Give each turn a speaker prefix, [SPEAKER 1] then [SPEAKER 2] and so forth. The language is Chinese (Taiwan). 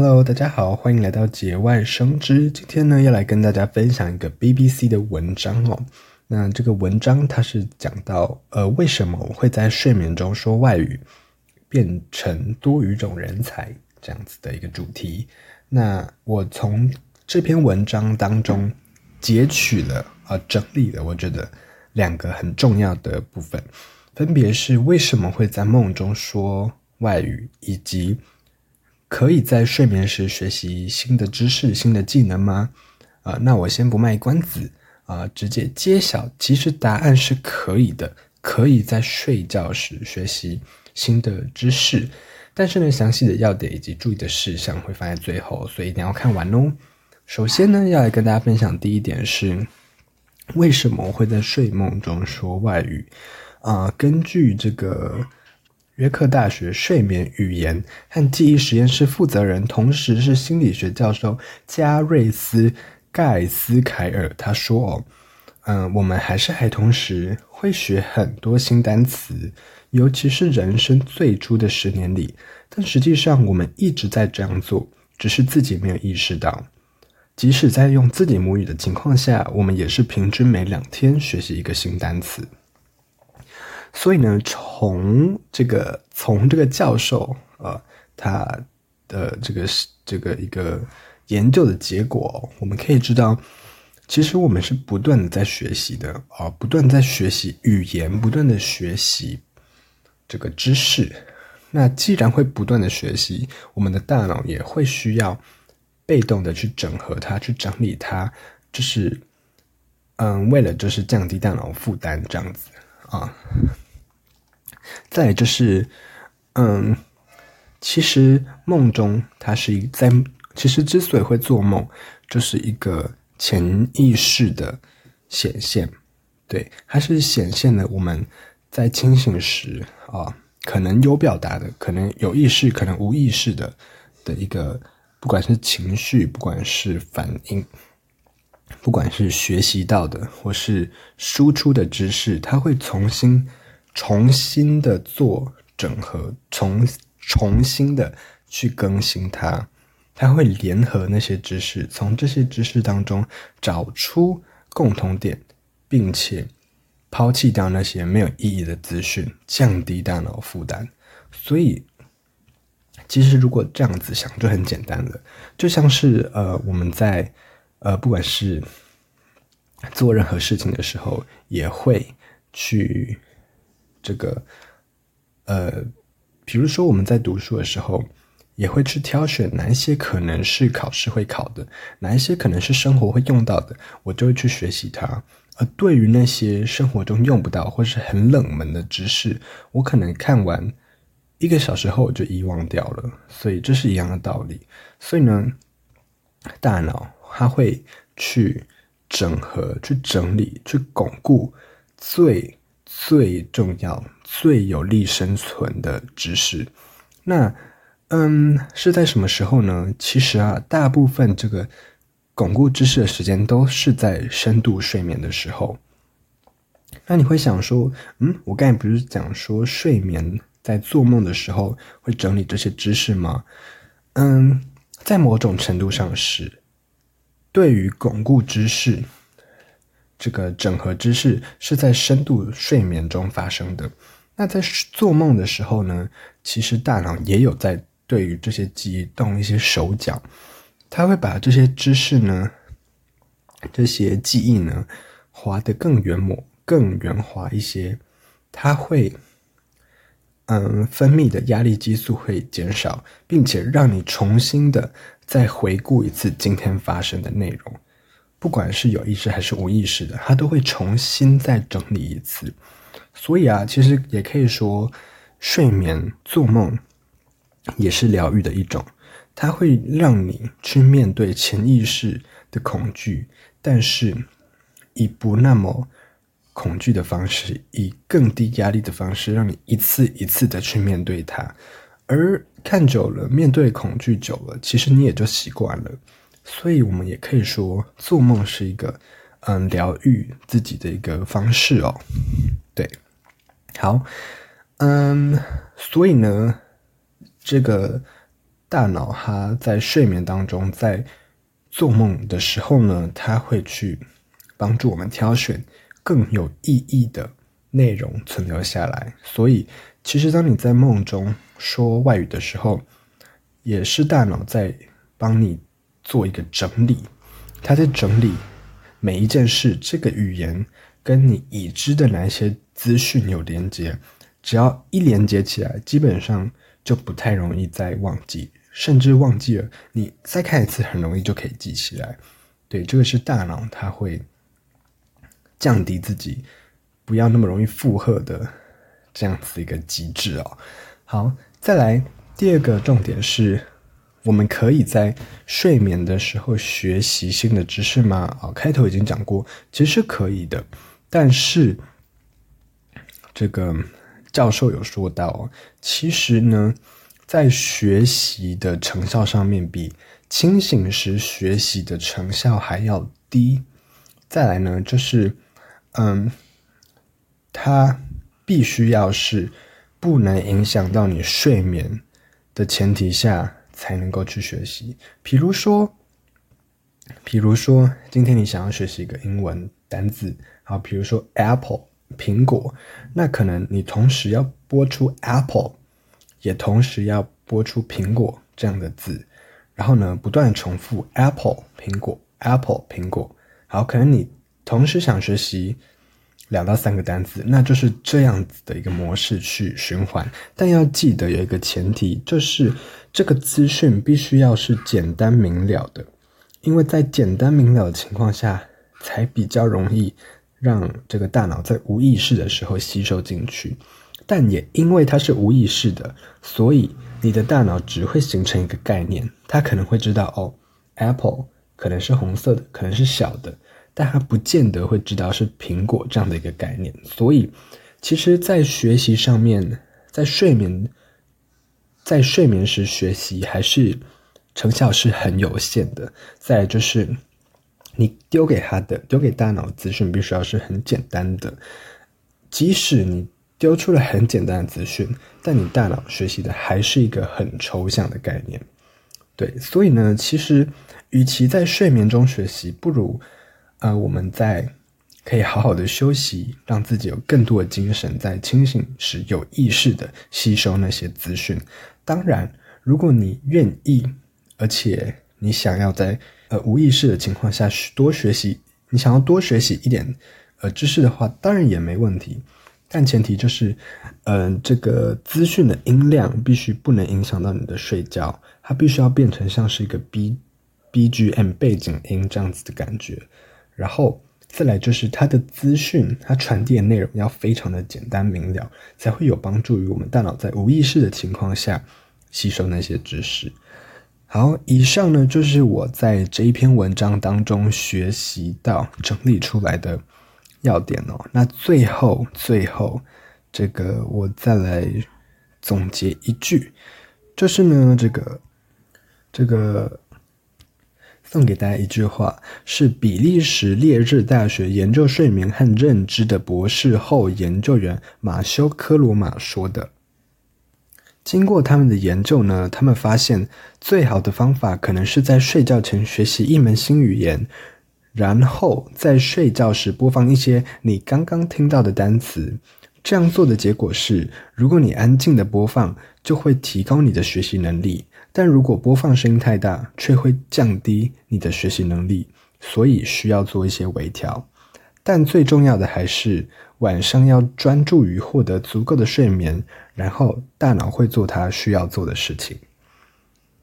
[SPEAKER 1] Hello，大家好，歡迎來到節外生枝。今天呢，要來跟大家分享一個 BBC 的文章哦。那這個文章它是講到呃，為什麼我會在睡眠中說外語，變成多語種人才這樣子的一個主題。那我從這篇文章當中截取了啊、呃，整理了我覺得兩個很重要的部分，分別是為什麼會在夢中說外語，以及。可以在睡眠時學習新的知識、新的技能嗎？啊、呃，那我先不賣關子，啊、呃，直接揭曉。其實答案是可以的，可以在睡覺時學習新的知識，但是呢，詳細的要點以及注意的事項會放在最後，所以一定要看完哦。首先呢，要來跟大家分享第一點是，為什麼我會在睡夢中說外語？啊、呃，根據這個。約克大學睡眠、語言和記憶實驗室負責人，同時是心理學教授加瑞斯蓋斯凱爾他說：“嗯，我們還是孩童時會學很多新單詞，尤其是人生最初的十年裡。但實際上，我們一直在這樣做，只是自己沒有意識到。即使在用自己母語的情況下，我們也是平均每兩天學習一個新單詞。”所以呢，從這個從這個教授啊、呃，他的這個是這個一個研究的結果，我們可以知道，其實我們是不斷的在學習的啊、呃，不斷在學習語言，不斷的學習這個知識。那既然會不斷的學習，我們的大腦也會需要被動的去整合它，去整理它，就是嗯，為了就是降低大腦負擔這樣子啊。再就是，嗯，其實夢中它是一在，其實之所以會做夢，就是一個潛意識的顯現，對，它是顯現了我們在清醒時啊、哦，可能有表達的，可能有意識，可能無意識的的一個，不管是情緒，不管是反應，不管是學習到的或是輸出的知識，它會重新。重新的做整合，重重新的去更新它，它會聯合那些知識，從這些知識當中找出共同點，並且拋棄掉那些沒有意義的資訊，降低大腦負擔。所以，其實如果這樣子想就很簡單了，就像是呃我們在呃不管是做任何事情的時候，也會去。這個，呃，比如說我們在讀書的時候，也會去挑選哪一些可能是考試會考的，哪一些可能是生活會用到的，我就會去學習它。而對於那些生活中用不到或是很冷門的知識，我可能看完一個小時後我就遺忘掉了。所以這是一樣的道理。所以呢，大腦它會去整合、去整理、去鞏固最。最重要、最有利生存的知識，那，嗯，是在什麼時候呢？其實啊，大部分這個鞏固知識的時間都是在深度睡眠的時候。那你會想說，嗯，我剛才不是講說睡眠在做夢的時候會整理這些知識嗎？嗯，在某種程度上是，對於鞏固知識。這個整合知識是在深度睡眠中發生的。那在做夢的時候呢，其實大腦也有在對於這些記憶動一些手腳，他會把這些知識呢、這些記憶呢，滑得更圓滿，更圓滑一些。他會，嗯，分泌的壓力激素會減少，並且讓你重新的再回顧一次今天發生的內容。不管是有意識還是無意識的，它都會重新再整理一次。所以啊，其實也可以說，睡眠做夢也是療癒的一種，它會讓你去面對潛意識的恐懼，但是以不那麼恐懼的方式，以更低壓力的方式，讓你一次一次的去面對它。而看久了，面對恐懼久了，其實你也就習慣了。所以我們也可以說，做夢是一個，嗯，療癒自己的一個方式哦。對，好，嗯，所以呢，這個大腦它，在睡眠當中，在做夢的時候呢，它會去幫助我們挑選更有意義的內容存留下來。所以，其實當你在夢中說外語的時候，也是大腦在幫你，做一個整理，他在整理每一件事，這個語言跟你已知的哪一些資訊有連接，只要一連接起來，基本上就不太容易再忘記，甚至忘記了，你再看一次，很容易就可以記起來。對，這個是大腦，它會降低自己不要那麼容易負荷的這樣子一個機制哦。好，再來第二個重點是，我們可以在睡眠的時候學習新的知識嗎？哦，開頭已經講過，其實可以的。但是這個教授有說到，其實呢，在學習的成效上面，比清醒時學習的成效還要低。再來呢，就是，嗯，它必須要是不能影響到你睡眠的前提下。才能夠去學習，比如說，比如說，今天你想要學習一個英文單字，好，比如說 apple 蘋果，那可能你同時要播出 apple，也同時要播出蘋果這樣的字，然後呢，不斷重複 apple 蘋果 apple 蘋果，好，可能你同時想學習。兩到三個單詞，那就是這樣子的一個模式去循環。但要記得有一個前提，就是這個資訊必須要是簡單明了的，因為在簡單明了的情況下，才比較容易讓這個大腦在無意識的時候吸收進去。但也因為它是無意識的，所以你的大腦只會形成一個概念，它可能會知道哦，apple 可能是紅色的，可能是小的。但他不見得會知道是蘋果這樣的一個概念，所以，其實，在學習上面，在睡眠，在睡眠時學習還是成效是很有限的。再來就是，你丟給他的，丟給大腦資訊必須要是很簡單的，即使你丟出了很簡單的資訊，但你大腦學習的還是一個很抽象的概念。對，所以呢，其實，與其在睡眠中學習，不如。呃，我們在可以好好的休息，讓自己有更多的精神，在清醒時有意識的吸收那些資訊。當然，如果你願意，而且你想要在呃無意識的情況下多學習，你想要多學習一點呃知識的話，當然也沒問題。但前提就是，嗯、呃，這個資訊的音量必須不能影響到你的睡覺，它必須要變成像是一個 B BGM 背景音這樣子的感覺。然後再來就是它的資訊，它傳遞的內容要非常的簡單明了，才會有幫助於我們大腦在無意識的情況下吸收那些知識。好，以上呢就是我在這一篇文章當中學習到整理出來的要點哦。那最後最後這個我再來總結一句，就是呢這個這個。這個送給大家一句話，是比利時列日大學研究睡眠和認知的博士後研究員馬修科羅馬說的。經過他們的研究呢，他們發現最好的方法可能是在睡覺前學習一門新語言，然後在睡覺時播放一些你剛剛聽到的單詞。這樣做的結果是，如果你安靜地播放，就會提高你的學習能力。但如果播放聲音太大，卻會降低你的學習能力，所以需要做一些微調。但最重要的還是晚上要專注於獲得足夠的睡眠，然後大腦會做它需要做的事情。